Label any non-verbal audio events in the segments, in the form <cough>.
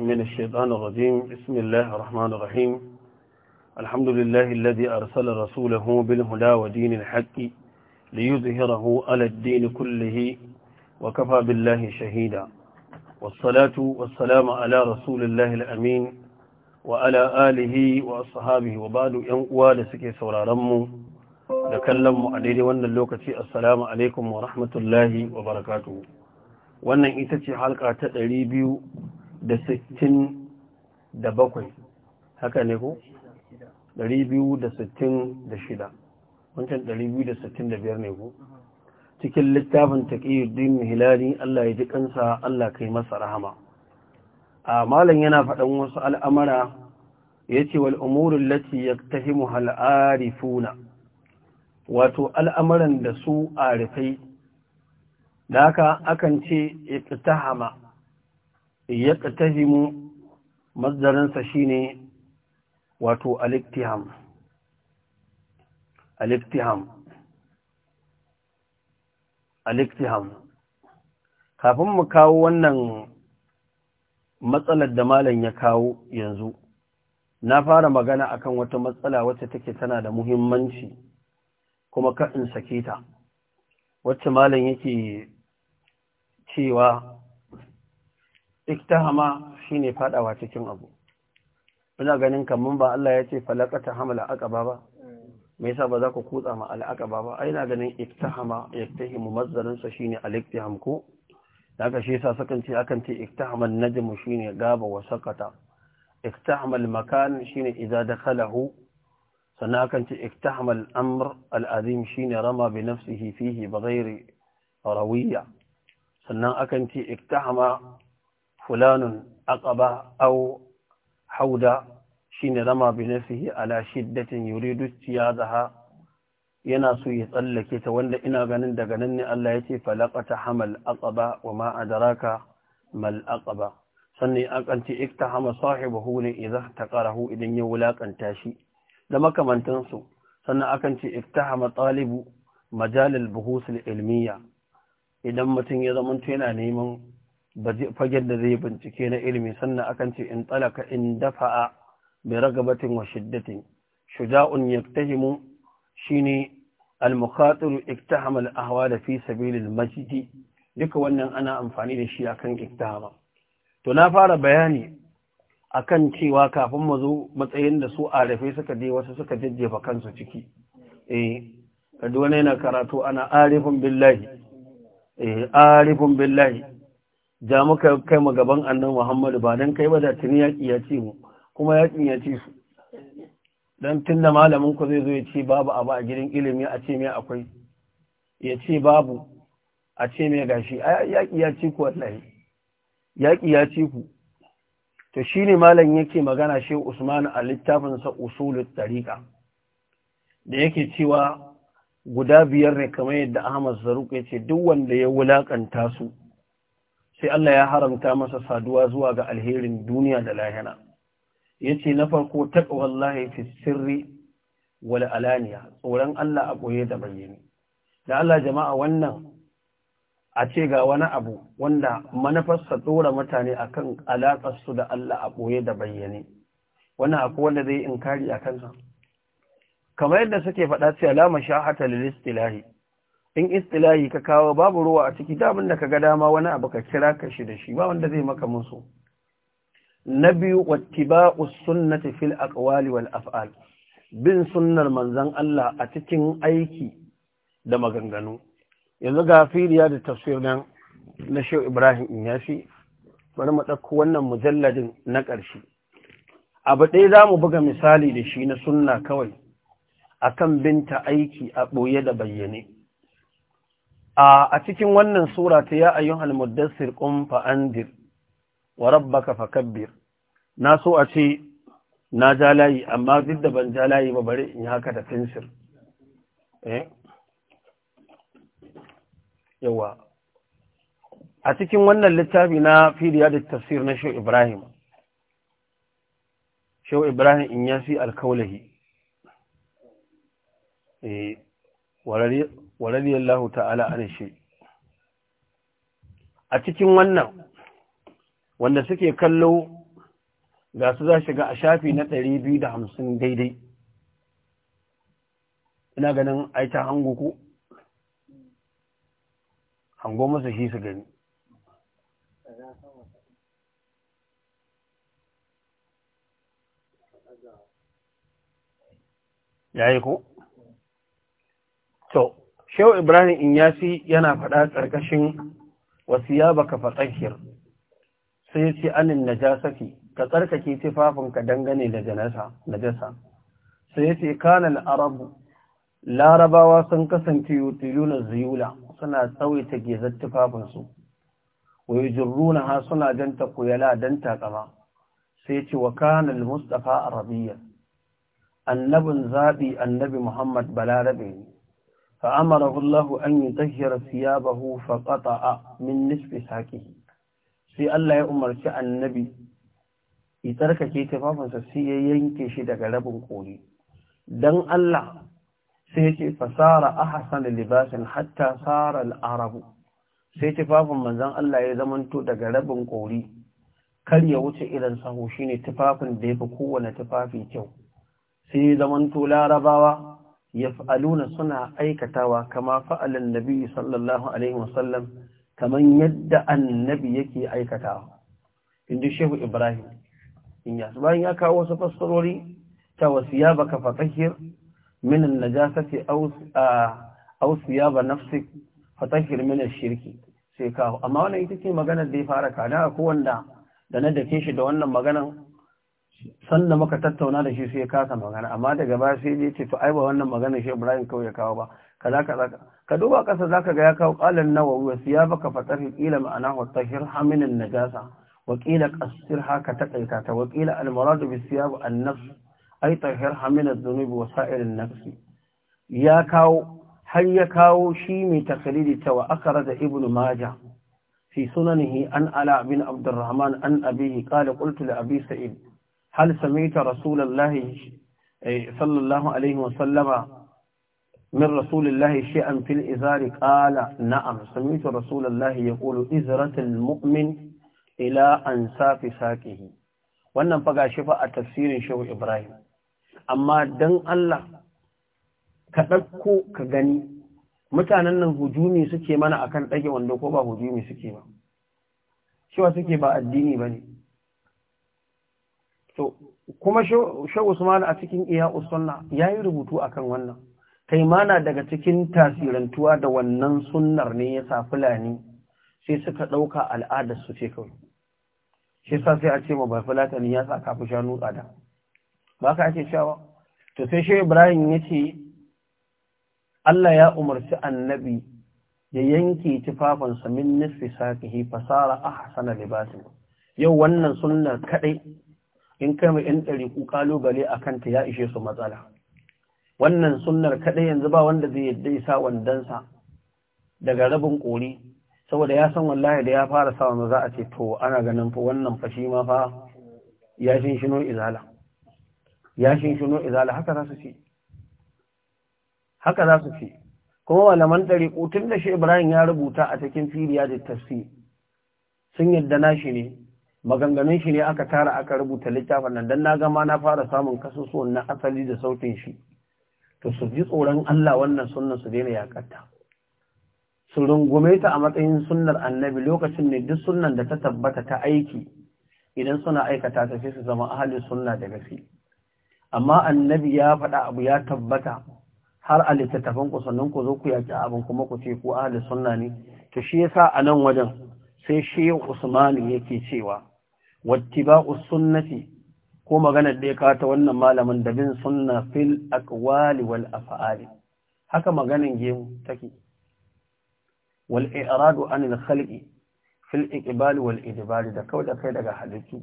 من الشيطان الرجيم بسم الله الرحمن الرحيم الحمد لله الذي أرسل رسوله بالهدى ودين الحق ليظهره على الدين كله وكفى بالله شهيدا والصلاة والسلام على رسول الله الأمين وعلى آله وأصحابه وبعد ينقوى لسكي سورا رمو لكلم عليه وأن اللوكة السلام عليكم ورحمة الله وبركاته wannan ita ce halka ta ɗari biyu da sittin da bakwai haka ne ko? ɗari biyu da sittin da shida wancan ɗari biyu da sittin da biyar ne ko? cikin littafin taƙiyuddin hilali Allah ya ji kansa Allah kai masa rahama a malam yana faɗan wasu al'amara ya ce wal umurin lati ya tafi funa. wato al'amaran da su arifai da aka akan ce ya ya ƙatahimu mazdaransa shine wato aliktiham aliktiham aliktiham kafin mu kawo wannan matsalar da malam ya kawo yanzu na fara magana akan wata matsala wacce take tana da muhimmanci kuma ka in sake ta wacce malam yake cewa iktahama shine fadawa cikin abu ina ganin kaman ba Allah ya ce falaqata hama aqaba ba me sa ba za ku kutsa ma al'aqaba ba ai ina ganin iktahama yaktahimu mazdarin sa shine aliktiham ko haka shi yasa sukan ce akan ce iktahaman najmu shine gaba wa sakata iktahamal makan iza da kalahu. sannan akan ce iktahamal amr al'azim ne rama bi nafsihi fihi bi ghairi rawiya sannan akan ce iktahama fulanun aqaba aw hauda shine rama bi nafsihi ala shiddatin yuridu tiyadaha yana so ya tsallake ta wanda ina ganin daga nan ne Allah ya ce falaqata hamal aqaba wa ma adraka mal aqaba sannan akan iktahama sahibahu ne idan taqarahu idan ya wulakanta shi da makamantansu su sannan akan ce iktahama talibu majalil buhus ilmiya idan mutum ya zama yana neman fagen da zai bincike na ilimi sannan akan ce in talaka in dafa'a bi ragabatin wa shiddatin shuja'un shi shine al-mukhatiru iktahama al da fi sabilil majdi duka wannan ana amfani da shi akan iktahama to na fara bayani akan cewa kafin mu zo matsayin da su arafe suka je wasu suka jajjefa kansu ciki eh kaduna yana karatu ana arifun billahi eh arifun billahi ja muka kai mu gaban annan Muhammadu ba dan kai ba da tuni yaƙi ya ce mu kuma yaƙin ya ce su dan tun da malamin ku zai zo ya ce babu abu a gidan ilimi a ce mai akwai ya ce babu a ce mai gashi yaƙi ya ci ku wallahi yaƙi ya ci ku to shine malam yake magana shi Usman a littafin sa usulut tariqa da yake cewa guda biyar ne kamar yadda Ahmad Zaruk ya ce duk wanda ya wulakanta su sai Allah ya haramta masa saduwa zuwa ga alherin duniya da lahira yace na farko wallahi, fi sirri wal alaniya tsoron Allah a koye da bayyane da Allah jama'a wannan a ce ga wani abu wanda manufarsa tsora mutane akan alakar su da Allah a koye da bayyane wannan akwai wanda zai inkari akan sa kamar yadda suke faɗa cewa la mashahata lil istilahi in istilahi ka kawo babu ruwa a ciki damin da ka ga dama wani abu ka kira ka shi da shi ba wanda zai maka musu na biyu wattiba'u sunnati fil aqwali wal af'al bin sunnar manzon Allah a cikin aiki da maganganu yanzu ga filiya da tafsir nan na Sheikh Ibrahim Inyashi bari mu dauko wannan mujalladin na ƙarshe abu ɗaya za mu buga misali da shi na sunna kawai akan binta aiki a ɓoye da bayyane a cikin wannan sura ta ya ayyun halmuddassir qum fa’andir andir wa rabbaka fakabbir na so a ce na jalayi, amma duk da ban jalayi ba bari in yi haka da fensir eh? yawa a cikin wannan littafi na firiya da tafsir na Shehu Ibrahim Shehu Ibrahim in yasi alkaulahi eh warare wa radiyallahu ta'ala an shi a cikin wannan wanda suke kallo ga su za shiga a shafi na 250 daidai ina ganin aita hango ku hango masa shi su gani ya yi ko? to Shehu Ibrahim Inyasi yana faɗa ƙarƙashin wasiya baka fatsakiyar sai ya ce anin najasati ka tsarkake tufafinka dangane da najasa sai ce kanan arabu larabawa sun kasance yutiluna ziyula suna tsawaita gezar tufafinsu wai jirruna ha suna danta kuyala dan takama sai ce wa kanan mustafa arabiyyar annabin zaɓi annabi muhammad balarabe ne فأمره الله أن يطهر ثيابه فقطع من نصف ساقه sai Allah ya umarci annabi ya tarkace tufafinsa sai ya yanke shi daga rabin kori dan Allah sai ya ce fasara ahsan libasin hatta sara al-arab sai tufafin manzon Allah ya zamanto daga rabin kori kar ya wuce irin sahu shine tufafin da yafi kowane tufafi kyau sai ya zamanto larabawa yaf'aluna suna aikatawa kama fa'alin nabi sallallahu alaihi wasallam kaman yadda annabi yake aikatawa inji shehu ibrahim in ya bayan ya kawo wasu fassarori ta wasiya baka fatahir min najasati aw aw siyaba nafsik fatahir shirki sai kawo amma wannan ita ce maganar da ya fara kada a wanda da na dake shi da wannan maganar sanda muka tattauna da shi sai ya kasa magana amma daga baya sai ya ce to ai ba wannan magana shi Ibrahim kawai ya kawo ba ka duba kasa zaka ga ya kawo qalan nawawi wa siyabaka fatahil ila ma'anahu tahir haminan najasa wa qila qasirha ka taqaita ta wa qila al murad bis siyab an nafs ai tahir haminan dhunubi wa sa'ir an nafs ya kawo har ya kawo shi mai takalidi ta wa da ibnu majah Si سننه an ألا بن عبد الرحمن أن أبيه قال hal samaita rasulullahi sallallahu alaihi wasallama من رسول الله شيئا في الإزار قال نعم سمعت رسول الله يقول إزرة المؤمن إلى أنساف ساكه wannan faga shi fa a tafsirin shehu Ibrahim amma dan Allah ka dauko ka gani mutanen nan hujumi suke mana akan dage wanda ko ba hujumi suke ba shi wa suke ba addini bane to kuma Shehu usman a cikin iya usunna ya yi rubutu akan wannan Taimana daga cikin tasirantuwa da wannan sunnar ne ya sa fulani sai suka ɗauka al'adar su ce kawai shi sa sai a ce ma bai fulatani ya sa kafin shanu tsada ba ka ake cewa to sai shi ibrahim ya ce Allah ya umarci annabi ya yanke tufafinsa min ka saƙihi fasara a hasana libasin yau wannan sunnar kaɗai in kai mai 'yan ku ƙalubale a kanta ya ishe su matsala wannan sunnar kaɗai yanzu ba wanda zai yadda isa wandansa daga rabin ƙori saboda ya san wallahi da ya fara sa wanda za a ce to ana ganin fa wannan fashi ma fa ya shinshino izala ya shinshino izala haka za su ce haka za su ce kuma malaman ɗariƙu tun da shi ibrahim ya rubuta a cikin firiya da tafsir sun yadda shi ne maganganun shi ne aka tara aka rubuta littafin nan dan na gama na fara samun kasusuwan na asali da sautin shi to su ji tsoron Allah wannan sunnar su daina yakatta su rungume ta a matsayin sunnar annabi lokacin ne duk sunnan da ta tabbata ta aiki idan suna aikata ta su zama ahalin sunna da gaske amma annabi ya faɗa abu ya tabbata har a littattafan ku sannan ku zo ku yaki abin kuma ku ce ku ahalin sunna ne to shi yasa a nan wajen sai shehu usmani yake cewa wattiba'u sunnati ko maganar da ya kata wannan malamin da bin sunna fil aqwali wal af'ali haka maganin gemu take wal i'radu al khalqi fil iqbal wal idbar da kawai da kai daga halittu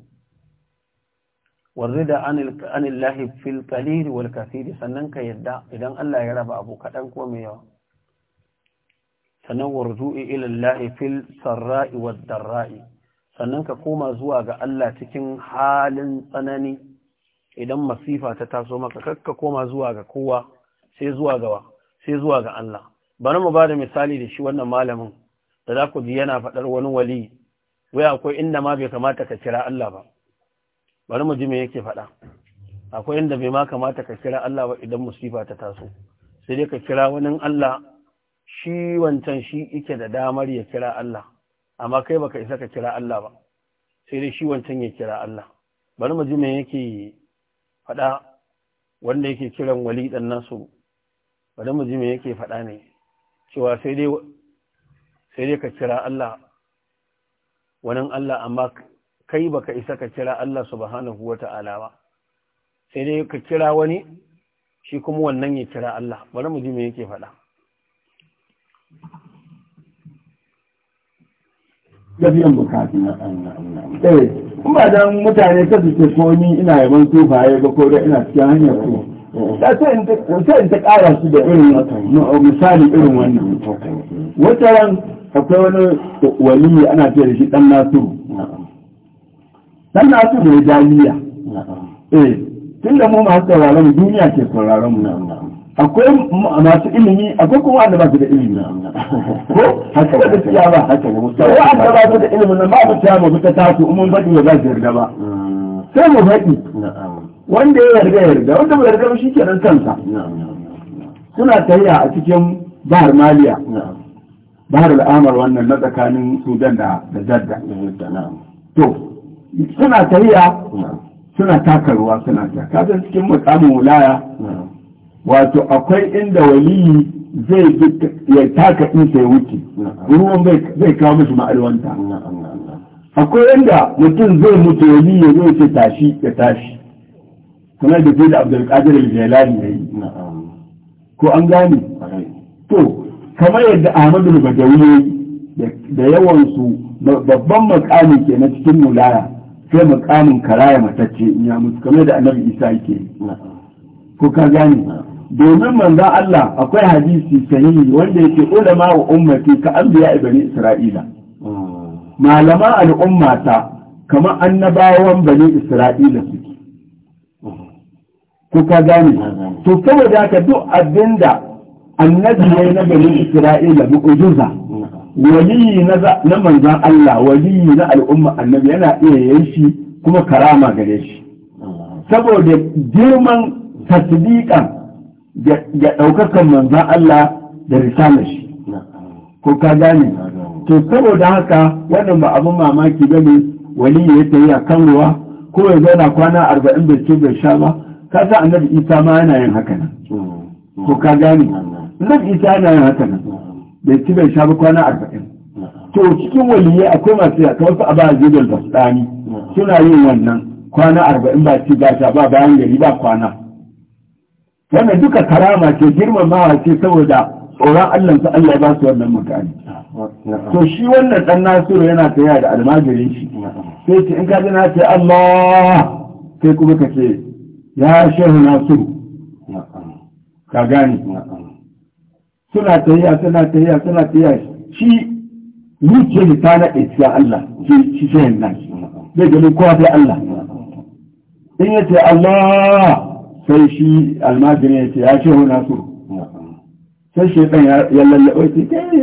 an al an anillahi fil qalil wal kathir sannan ka yadda idan Allah ya raba abu kadan ko mai yawa sannan warzu'i ila Allah fil sarra'i wad darra'i sannan ka koma zuwa ga Allah cikin halin tsanani idan masifa ta taso maka kakka koma zuwa ga kowa sai zuwa ga sai zuwa ga Allah bari mu bada misali da shi wannan malamin da za ku ji yana faɗar wani wali wai akwai inda ma bai kamata ka kira Allah ba bari mu ji me yake faɗa akwai inda bai ma kamata ka kira Allah ba idan masifa ta taso sai dai ka kira wani Allah shi wancan shi yake da damar ya kira Allah amma kai baka isa ka kira Allah ba sai dai shi wancan ya kira Allah bari mu ji me yake faɗa wanda yake kiran wali dan nasu bari mu ji me yake faɗa ne cewa sai dai sai dai ka kira Allah wannan Allah amma kai baka isa ka kira Allah subhanahu wata'ala ba sai dai ka kira wani shi kuma wannan ya kira Allah bari mu ji me yake faɗa da biyan bukatu eh in ba mutane ta su ko ni ina yaban tufaye ba ko da ina cikin hanyar su eh. ta sai in ta ƙara su da irin misali irin wannan wata ran akwai wani waliyi ana ce da shi dan nasiru dan nasiru ne jami'a eh tun da mu masu sauraron duniya ke sauraron mu akwai masu ilimi akwai kuma wanda ba su da ilimi ko haka da gaskiya ba haka da musa wanda ba su da ilimi nan ba mu ta mu ta tasu mun faɗi ba za su yarda ba sai mu faɗi wanda ya yarda yarda wanda bai yarda ba shi ke nan kansa suna tayya a cikin bahar maliya bahar al'amar wannan na tsakanin sudan da jadda to suna tayya suna taka ruwa suna ta kasan cikin mukamin wilaya wato akwai inda waliyi zai ya taka in sai wuce ruwan zai kawo mishi ma'alwanta akwai inda mutum zai mutu wali ya zo ce tashi ya tashi kamar da sai da abdulkadir al ya yi. ko an gane to kamar yadda ahmadu badawi da yawan su babban makami ke na cikin mulaya sai makamin karaya matacce in ya mutu kamar da annabi isa yake ko ka gane domin manzo Allah akwai hadisi sahihi wanda yake ulama wa ummati ka anbiya bani isra'ila malama al'ummata kamar annabawan bani isra'ila suke ka gane to saboda haka duk abinda annabi ne na bani isra'ila mu'jiza waliyi na manzo Allah waliyi na al'umma annabi yana iya yin shi kuma karama gare shi saboda girman tasdiqan ya ɗaukakan manzan Allah da risalar shi ko ka gane to saboda haka wannan ba abin mamaki ba ne wani ya yi a kan ruwa ko ya zauna kwana arba'in bai ce bai sha ba ka sa annabi isa ma yana yin haka nan ko ka gane annabi isa yana yin haka nan bai ci bai sha ba kwana arba'in to cikin waliyai akwai masu yaka wasu a ba jidal basdani suna yin wannan kwana arba'in ba ci ba sha ba bayan gari ba kwana wanda duka karama ce girmamawa ce saboda tsoron Allah su Allah ba su wannan mutane to shi wannan dan Nasiru yana taya da almajirin shi sai ce in ka ji na ce Allah sai kuma ka ce ya shehu Nasiru ka gane suna tayya suna tayya suna tayya shi yake da ta naɗe cikin Allah shi shehin Nasiru. zai gani kowa sai Allah in ya ce Allah sai shi almajirin ya ce ya ce huna so sai shi ɗan ya lallaɓa ce kai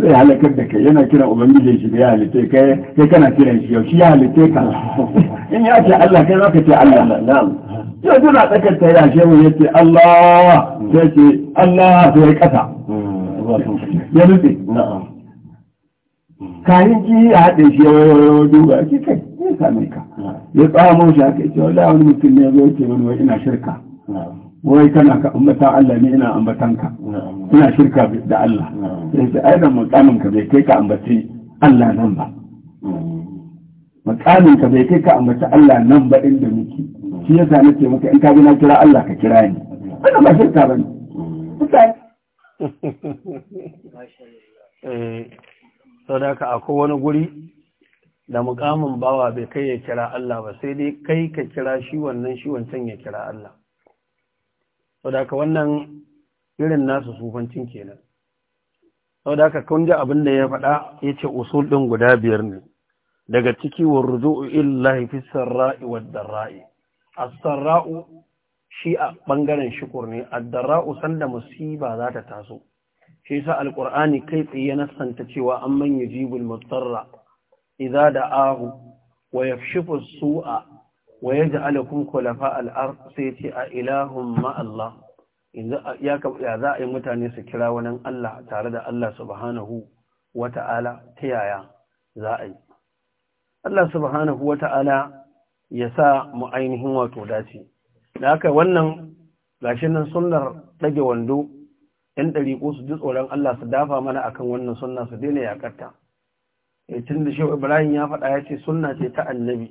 zai halakar da kai yana kiran ubangijin shi da ya halitta kai kai kana kiran shi yau shi ya halitta ka <laughs> in ya ce Allah kai zaka ce Allah yau tana tsakar ta ya shehu ya ce Allah sai ce Allah sai ya kasa ya rufe kayan ki ya haɗe shi ya duba ki kai ya same ka ya tsamo shi haka ce wallahi wani mutum ne zo yake mani wai ina shirka wai kana ka ambata Allah ne ina ambatan ka ina shirka da Allah sai ce ai da mukamin ka bai kai ka ambaci Allah nan ba mukamin ka bai kai ka ambaci Allah nan ba inda muke shi yasa nake maka in ka na kira Allah ka kira ni ana ba shirka bane mutane <laughs> eh saboda haka akwai wani guri da mukamin bawa bai kai ya kira Allah ba sai dai kai ka kira shi wannan shi wancan ya kira Allah saboda ka wannan irin nasu sufancin kenan saboda ka kun abin da ya faɗa ya ce usul ɗin guda biyar ne daga ciki wa ruju'u illahi fi sarra'i wa darra'i A sarrau shi a ɓangaren shukur ne a darrau sanda musiba za ta taso shi sa Alƙur'ani kai tsaye na santa cewa an manya jibul mutarra idza da'ahu wa yafshifu su'a wa yaj'alukum khulafa al-ard sai ce a ilahum ma Allah yanzu mutane su kira wani Allah tare da Allah subhanahu wata'ala ta yaya za a yi Allah subhanahu wata'ala ya sa mu ainihin wato dace da haka wannan gashi nan sunnar ɗage wando ‘yan ɗariƙo su ji tsoron Allah su dafa mana akan wannan sunna su daina yaƙarta. Eh, tun da shehu ibrahim ya faɗa ya ce sunna ce ta annabi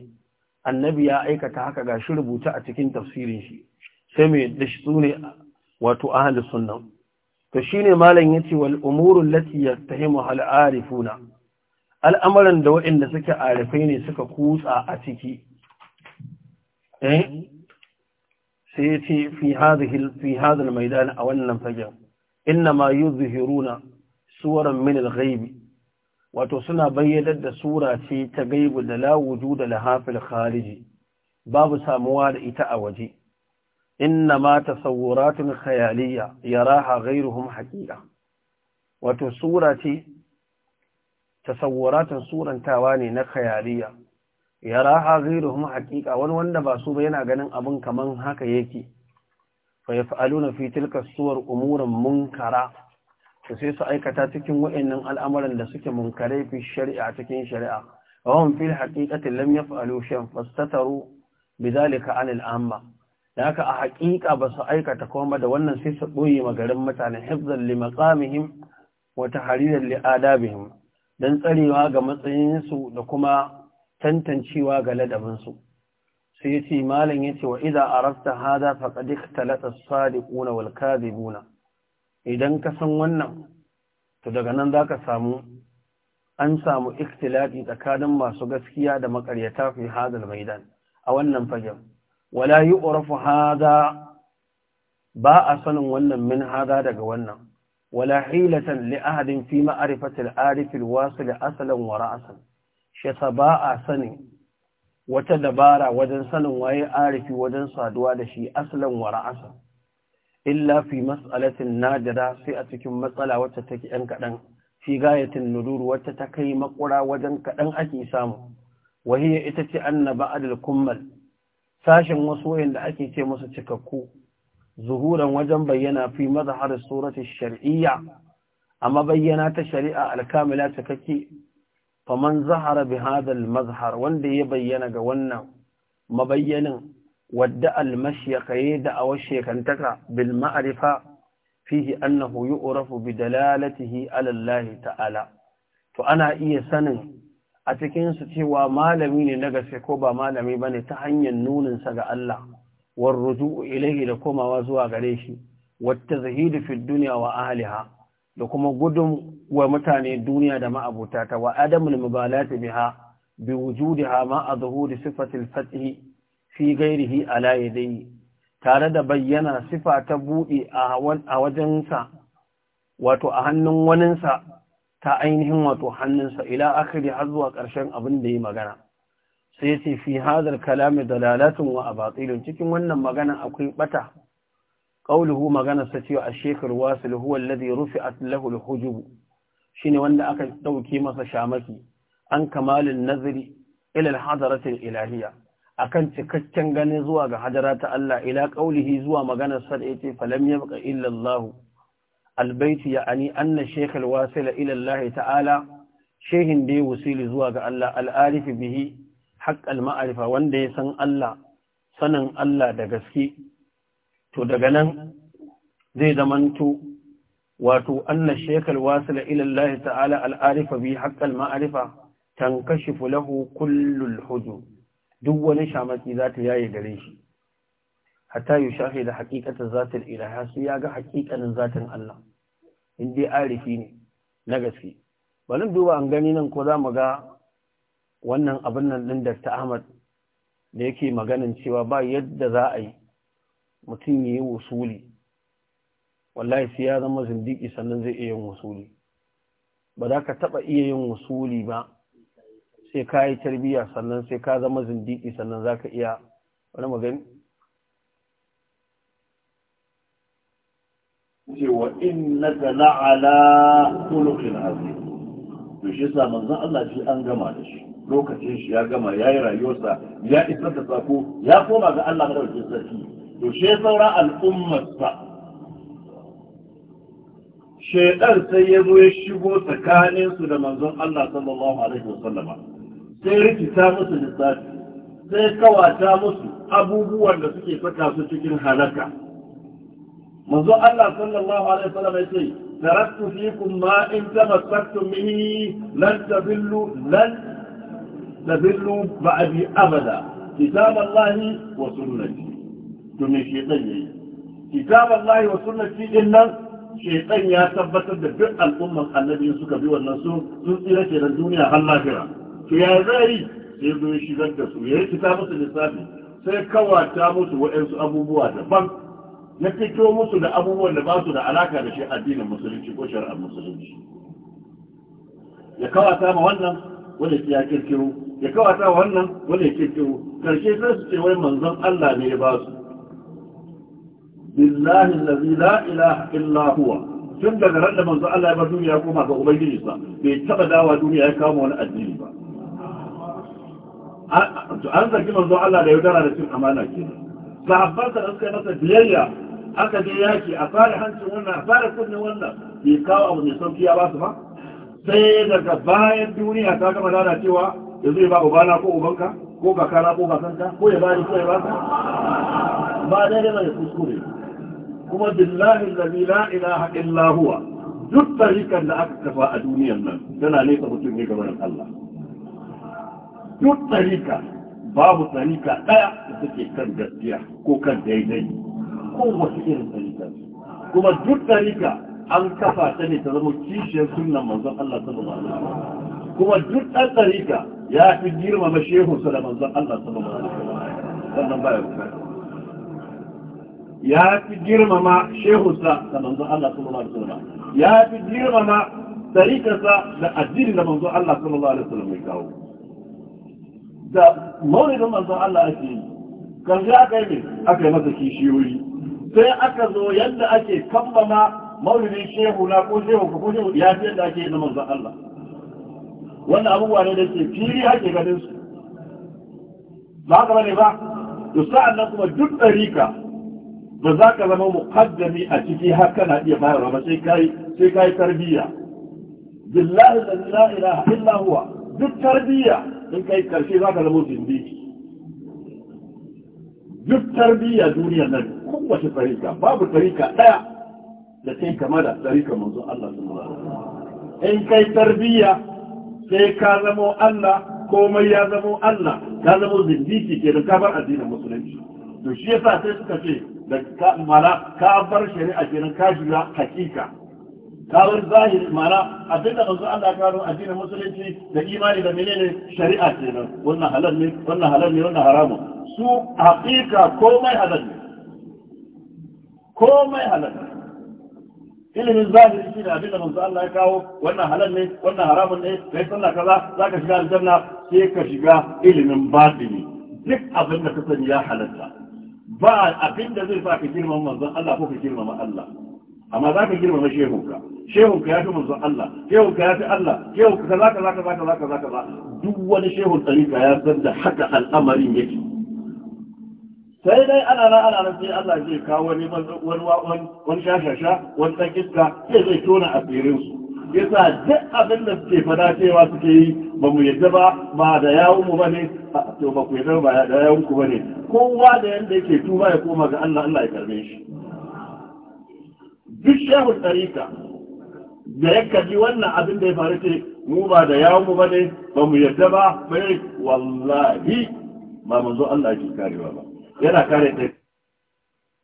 annabi ya aikata haka ga shi rubuta a cikin tafsirin shi sai mai da shi sune wato ahli sunna to shine malam yace wal umuru allati yattahimu al arifuna al'amuran da waɗanda suke arifai ne suka kutsa a ciki eh? sai yace fi fi maidan a wannan fagen inna ma yuzhiruna suwaran min al ghaibi wato suna bayyanar da sura ce ta gaibu da lawuju da laha khariji babu samuwa da ita a waje inna ma tasawuratun khayaliyya yaraha ghayruhum haqiqa wato sura ce tasawuratun surantawa ne na khayaliyya yaraha ghayruhum haqiqa wani wanda ba su ba yana ganin abin kaman haka yake fa yaf'aluna fi tilka suwar umuran munkara to sai su aikata cikin wa'annan al'amuran da suke munkare fi shari'a cikin shari'a wahum fil haqiqati lam yaf'alu shay'an fastataru bidhalika 'anil al'amma. da haka a haƙiƙa ba su aikata kuma da wannan sai su boye magarin mutane hifzan li maqamihim wa tahriran li adabihim don tsarewa ga matsayin su da kuma tantancewa ga ladabinsu. su sai yace malam ya ce, wa idza arafta hada faqad ikhtalata as sadiƙuna wal kadhibuna idan ka san wannan to daga nan za ka samu an samu ikhtilati tsakanin masu gaskiya da makaryata fi hadal maidan a wannan fagen wala yu'rafu hada ba a sanin wannan min hada daga wannan wala hilatan li ahadin fi ma'rifati al-arif al-wasil aslan wa ra'san shi ba a sanin wata dabara wajen sanin waye arifi wajen saduwa da shi aslan wa ra'san illa fi matsalatin nadira sai a cikin matsala wacce take ‘yan kaɗan, fi gayatin nuduru wacce ta kai makura wajen kaɗan ake samu, wahiyar ita ce an na ba'adil kummal, sashen wasu wayanda ake ce musu cikakku, zuhuran wajen bayyana fi mazahar surati shari'iyya a mabayyana ta shari'a alkamila cikakke, faman zahara bi hadal mazhar wanda ya bayyana ga wannan mabayyanin wadda almashyaka yi da'awar shekantaka bil ma'arifa fihi annahu yu'rafu bi dalalatihi ala Allah ta'ala to ana iya sanin a cikin su cewa malami ne na gaske ko ba malami bane ta hanyar nunin sa ga Allah war ruju'u ilayhi da komawa zuwa gare shi wat Zahidu fi wa ahliha da kuma gudun wa mutane duniya da ta, wa adamul mubalati biha bi wujudiha ma'a zuhuri sifatil fathi fi gairihi ala yadayhi tare da bayyana sifa ta buɗe a wajensa wato a hannun waninsa ta ainihin wato hannunsa ila akari har zuwa ƙarshen abin da ya magana sai ce fi hadar kalami dalalatun wa abatilun cikin wannan magana akwai ɓata. qauluhu magana sa cewa a shaykh wasu, wasil huwa alladhi rufi'at lahu al Shi shine wanda aka ɗauki masa shamaki an kamalin nazari ila al ilahiyya akan cikakken ganin zuwa ga hadara ta Allah ila qaulihi zuwa maganar sa da yace falam yabqa illa Allah albayti ya'ani anna shaykh alwasila ila Allah ta'ala shehin da ya wasili zuwa ga Allah al-alif bihi haqq al-ma'rifa wanda ya san Allah sanin Allah da gaske to daga nan zai zamanto wato anna shaykh alwasila ila Allah ta'ala al-alif bihi haqq al-ma'rifa tankashifu lahu kullu al-hujub duk wani shamaki za ta yaye gare shi hatta yi shafe da hakikatar zatar ilaha sai ya ga hakikanin zatar Allah in dai arifi ne na gaske balin duba an gani nan ko za mu ga wannan abin nan ɗin da ta Ahmad da yake maganin cewa ba yadda za a yi mutum ya yi wasuli wallahi sai ya zama zindiki sannan zai iya yin wasuli ba za ka taɓa iya yin wasuli ba sai ka yi tarbiyya sannan sai ka zama zindiki sannan za ka iya wani magani? cewa na-gana ala kulukin hazi to shi sa manzan Allah shi an gama da shi lokacin shi ya gama ya yi rayuwarsa ya isar da sako ya koma ga Allah da wajen sarki to shi saura al'ummarsa shaidar sai ya zo ya shigo tsakaninsu da manzon Allah sallallahu alaihi wasallama sai rikita musu lissafi sai kawata musu abubuwan da suke saka su cikin halaka manzo Allah sallallahu alaihi wasallam ya ce taraktu fikum ma in nan bihi lan tadillu lan tadillu ba'di abada kitab Allah wa sunnati domin me ya yi kitab Allah wa sunnati din nan shaytan ya tabbatar da duk al'umman annabi suka bi wannan su sun tsira ke da duniya har lafiya to ya za sai zo ya shigar da su ya rikita musu lissafi sai kawata musu waɗansu abubuwa daban ya fito musu da abubuwan da ba su da alaka da shi addinin musulunci ko shari'ar musulunci ya kawata ma wannan wanda ya kirkiro ya kawata ma wannan wanda ya kirkiro karshe sai su ce wai manzon Allah ne ya ba su billahi allazi la ilaha illa huwa tun daga ran da manzon Allah ya bar duniya ya koma ga ubangiji sa bai taba dawa duniya ya kama wani addini ba an zargi manzo Allah da yaudara da cin amana ke sahabban da suka masa biyayya aka je yaki a fara hancin wannan a fara kunnen wannan bai kawo abu mai sauki ya ba su ba sai daga bayan duniya ta gama lalacewa ya zai ba ubana ko ubanka ko kakana ko kakanka ko ya bani ko ya baka ba dai da mai kuskure kuma billahi allazi la ilaha illa huwa duk tarikan da aka kafa a duniyar nan tana nesa mutum ne gaban Allah duk tsarika babu tsarika ɗaya da suke kan gaskiya ko kan daidai ko wasu irin tsarika kuma duk tsarika an kafa ta ne ta zama kishiyar sunan manzon Allah sallallahu alaihi kuma duk ɗan tsarika ya fi girmama shehunsa da manzon Allah sallallahu alaihi wasallam sannan baya ya fi girmama shehunsa da manzon Allah sallallahu alaihi wasallam ya fi girmama tsarikarsa da addini da manzon Allah sallallahu alaihi wasallam ya kawo da mauridin manzon Allah ake yi karshe aka yi aka yi masa kishiyoyi sai aka zo yadda ake kammala mauridin shehu na ko shehu ko ko shehu ya fi yadda ake yi na manzon Allah wannan abubuwa ne da ke fili ake ganin su ba haka bane ba to sa'an nan kuma duk ɗarika ba za ka zama muqaddami a ciki har kana iya bayarwa ba sai kai sai kai tarbiyya billahi la ilaha illa huwa duk tarbiyya in kai karshe za ka zama zindiki duk tarbiyya duniyar nan kowace tarika babu tarika ɗaya da sai kama da tarika manzo Allah sallallahu alaihi in kai tarbiyya sai ka zama Allah komai ya zama Allah ka zama zindiki ke da kabar addinin musulunci to shi yasa sai suka ce da ka mala ka bar shari'a kenan ka jira hakika kawai zahiri mana abin da manzo Allah ya kawo addinin musulunci da imani da menene shari'a kenan wannan halal ne wannan halal ne wannan haramu su haqiqa komai halal ne komai halal ne ilimin zahiri shi da abin da manzo Allah ya kawo wannan halal ne wannan haramun ne kai sallah kaza zaka shiga aljanna sai ka shiga ilimin batini duk abin da ka sani ya halatta ba abin da zai sa ka girmama manzon Allah ko ka girmama Allah amma za ka girmama shehunka shehunka ya fi manzon Allah shehunka ya fi Allah shehunka kaza kaza kaza kaza kaza kaza duk wani shehun tsarika ya san da haka al'amarin yake sai dai ana nan ana nan sai Allah zai kawo wani wani wani shashasha wani dan iska sai zai tona asirin su yasa duk abin da suke fada cewa suke yi ba mu yadda ba ba da yawun mu bane to ba ku yadda ba da yawun ku bane kowa da yanda yake tuba ya koma ga Allah Allah ya karbe shi duk shehun ɗarika da ya kaji wannan abin da ya faru ce mu ba da yawon mu ba ne ba mu yadda ba bai wallahi ba manzo Allah ke karewa ba yana kare ta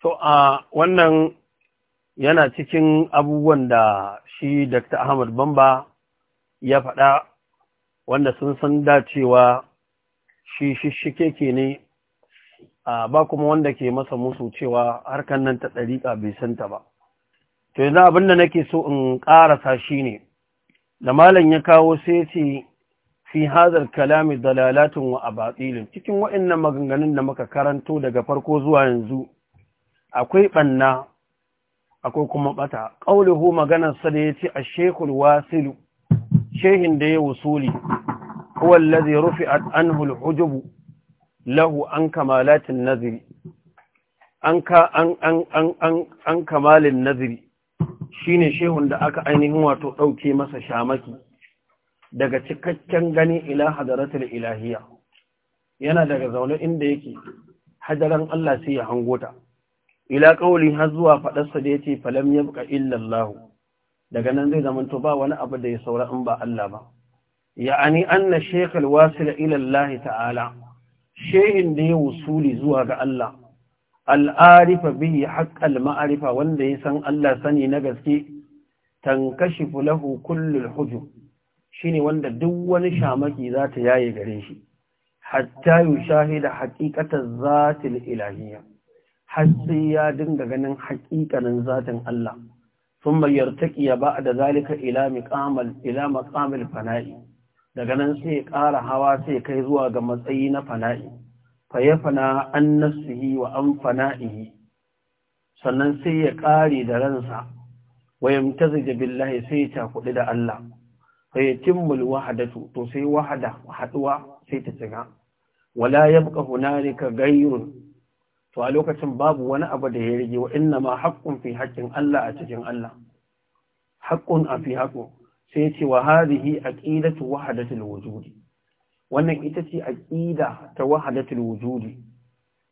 to a wannan yana cikin abubuwan da shi Dr. Ahmad Bamba ya faɗa wanda sun san dacewa shi shishike ke ne ba kuma wanda ke masa musu cewa harkan nan ta ɗariƙa bai santa ba to yanzu abin da nake so in ƙarasa shi ne da malam ya kawo sai ce fi hazar kalami dalalatin wa abatilin cikin waɗannan maganganun da muka karanto daga farko zuwa yanzu akwai ɓanna akwai kuma ɓata ƙaulihu maganarsa da ya ce a shekul wasilu shehin da ya wusuli kowal lazi rufi an hulhujubu lahu an kamalatin naziri an kamalin naziri shine shehun da aka ainihin wato ɗauke masa shamaki daga cikakken gani ila hadaratul ilahiya yana daga zaune inda yake hadaran Allah sai ya hango ta ila kauli har zuwa faɗarsa da yace falam yabqa illa Allah daga nan zai zamanto ba wani abu da ya saura in ba Allah ba ya'ani anna shaykh alwasil ila Allah ta'ala shehin da ya wusuli zuwa ga Allah al'arifa bihi haƙƙal ma'arifa wanda ya san Allah sani na gaske tankashi fulahu kullul hujum shine wanda duk wani shamaki za ta yaye gare shi hatta shahida haqiqatan zatil ilahiyya har ya dinga ganin haƙiƙanin zatin Allah thumma yartaqiya ba'da ba da zalika ila maqamil fana'i daga nan sai ya ƙara hawa sai kai zuwa ga matsayi na fana'i fayafana an nafsihi wa an fana'ihi sannan sai ya ƙare da ransa wa yamtazija billahi sai ya cakuɗi da Allah fa yatimmu alwahdatu to sai wahada haɗuwa sai ta ciga wala yabqa ka ghayrun to a lokacin babu wani abu da ya rige wa inna ma haƙƙun fi haƙƙin Allah a cikin Allah Haƙƙun a fi haƙƙun. sai ce wa hadhihi aqidatu wahdatul wujudi wannan ita ce aƙida ta wahadatul wujudi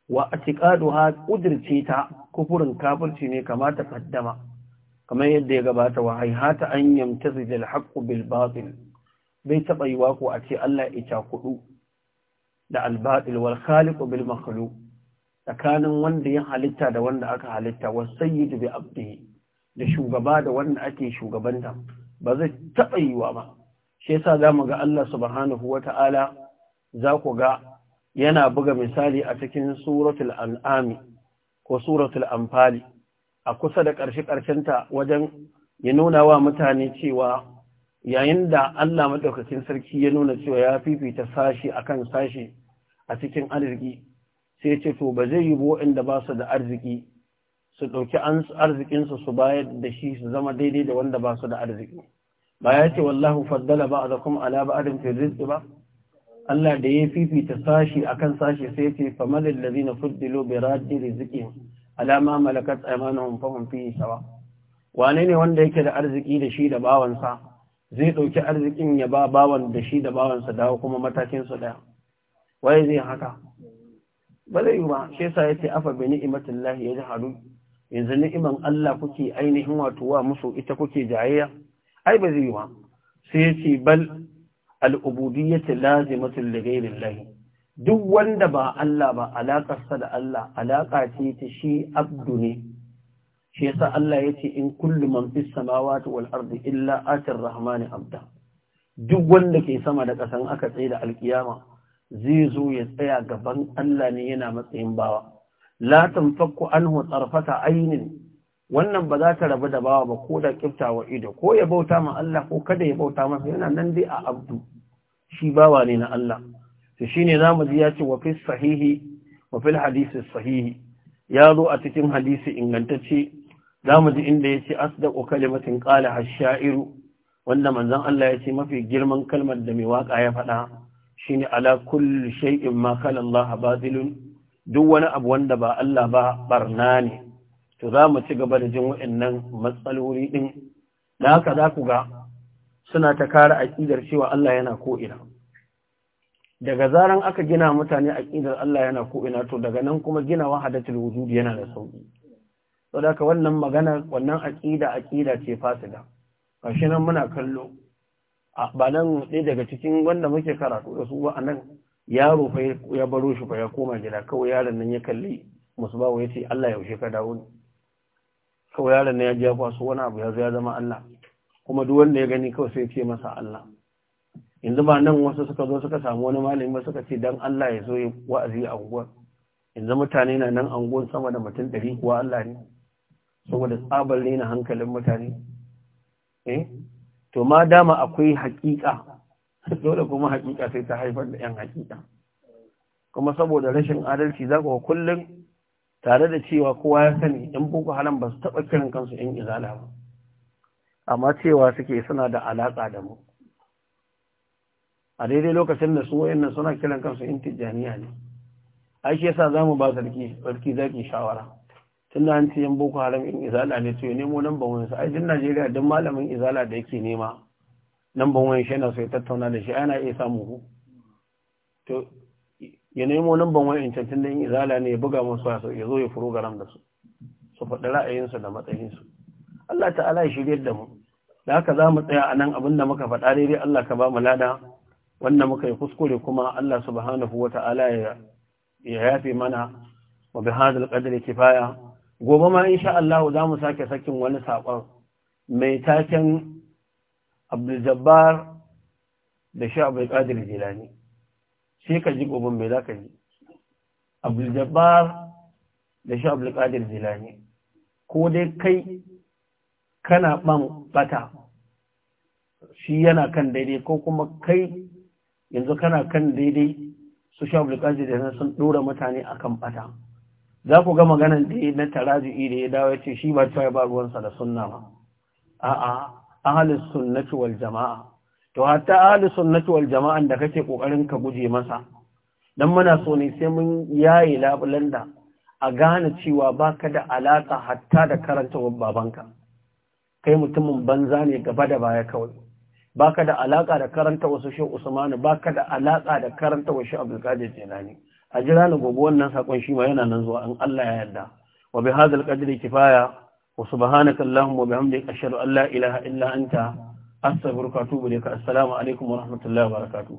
wa atiqaduha qudrace ta kufurin kafirci ne kamata kaddama kamar yadda ya gabata wa haihata an yamtazil al bil batil bai taba yiwa ko a ce Allah ita kudu da al-batil wal khaliq bil makhluq tsakanin wanda ya halitta da wanda aka halitta wa sayyidu bi abdihi da shugaba da wanda ake shugabanta ba zai taba yiwa ba shi yasa za mu ga Allah subhanahu wa ta'ala za ku ga yana buga misali a cikin suratul an'ami ko suratul amfali a kusa da ƙarshe ta wajen ya nuna wa mutane cewa yayin da Allah maɗaukakin sarki ya nuna cewa ya fifita sashi akan sashi a cikin arziki sai ce to ba zai yi inda ba su da arziki su ɗauki arzikinsu su bayar da shi su zama daidai da wanda ba su da arziki ba ya ce wallahu faddala a ala ba'din fil rizqi ba Allah da ya fifita sashi akan sashi sai ce famal alladhina fuddilu bi bai rizqihim ala ma malakat aymanuhum fahum fihi sawa wane ne wanda yake da arziki da shi da bawansa zai dauki arzikin ya ba bawan da shi da bawansa dawo kuma matakin su daya waye zai haka ba zai yi ba shi yasa ce afa bi ji haru yanzu ni'iman Allah kuke ainihin wato wa musu ita kuke jayayya ai ba zai ba sai yace bal al'ubudiyyatu lazimatu li duk wanda ba Allah ba alakarsa da Allah alaƙa ce ta shi abdu ne shi yasa Allah yace in kullu man fis samawati wal ardi illa atir rahmani abda duk wanda ke sama da kasan aka tsaye da alkiyama zai zo ya tsaya gaban Allah ne yana matsayin bawa la tanfaku anhu tsarfata aynin wannan ba za ta rabu da bawa ba ko da kifta wa ido ko ya bauta ma Allah ko kada ya bauta masa yana nan dai a abdu shi bawa ne na Allah to shine zamu ji ya ce wa fi sahihi wa fil hadisi sahihi ya zo a cikin hadisi ingantacce zamu ji inda yace asdaqu kalimatin qala ash-sha'iru wanda manzon Allah ya ce mafi girman kalmar da mai waka ya faɗa shine ala kulli shay'in ma kala Allah batilun duk wani abu wanda ba Allah ba barna ne to za mu ci gaba da jin waɗannan matsaloli ɗin da haka za ku ga suna ta kare aƙidar cewa Allah yana ko'ina daga zaran aka gina mutane aƙidar Allah yana ko'ina to daga nan kuma gina wahadatul wujud yana da sauƙi to daga wannan magana wannan aƙida aƙida ce fasida kashi nan muna kallo ba nan ɗaya daga cikin wanda muke karatu da su ba anan yaro ya baro shi fa ya koma gida kawai yaron nan ya kalli musu bawo ya ce Allah yaushe ka dawo ne kawai yaron na ya ji ya kwaso wani abu ya zo ya zama Allah kuma duk wanda ya gani kawai sai ce masa Allah yanzu ba nan wasu suka zo suka samu wani malami suka ce dan Allah ya zo ya wa'azi a unguwar yanzu mutane na nan unguwar sama da mutum ɗari kuwa Allah ne saboda tsabar ne na hankalin mutane eh to ma dama akwai hakika dole kuma hakika sai ta haifar da yan hakika kuma saboda rashin adalci za ku kullum tare da cewa kowa ya sani yan boko haram ba su taɓa kiran kansu yan izala ba amma cewa suke suna da alaƙa da mu a daidai lokacin da su wayannan suna kiran kansu yan tijjaniya ne ai shi yasa zamu ba sarki sarki zaki shawara tun da an yan boko haram yan izala ne to ya nemo nan ban wani ai duk Najeriya duk malamin izala da yake nema nan ban wani shi yana so ya tattauna da shi ana iya samu to ya nemo lambar wa'incan tun da izala ne ya buga musu wasu ya zo ya program da su su faɗi ra'ayinsu da matsayinsu Allah ta'ala ya shirya da mu da haka za mu tsaya a nan abin da muka faɗa daidai Allah ka ba mu lada wanda muka yi kuskure kuma Allah subhanahu wa ta'ala ya yafe mana wa bi hadal qadri kifaya gobe ma insha Allah za mu sake sakin wani sakon mai taken Abdul Jabbar da Sha Qadir Jilani sai ka ji gobin mai za ka ji abdul-jabbar da shi abdul-qadir ko dai kai kana ban bata shi yana kan daidai ko kuma kai yanzu kana kan daidai su shi abdul-qadir da sun ɗora mutane a kan bata za ku ga maganan da na taraji'i da ya dawo ya ce shi ba cewa ba ruwansa da sunna ba a'a ahalus sunnatu wal jama'a to hatta ahli sunnati wal jama'an da kake kokarin ka guje masa dan muna so ne sai mun yayi labulan da a gane cewa baka da alaka hatta da karantawar babanka kai mutumin banza ne gaba da baya kawai baka da alaka da karanta wasu shi Usman baka da alaka da karanta wasu Abdul Qadir Jilani a jira ni gobe wannan sakon shi ma yana nan zuwa in Allah ya yarda wa bi hadal qadri kifaya wa subhanaka allahumma wa bihamdika ashhadu an la ilaha illa anta astaghfiruka wa atubu ka assalamu alaikum wa rahmatullahi wa barakatuh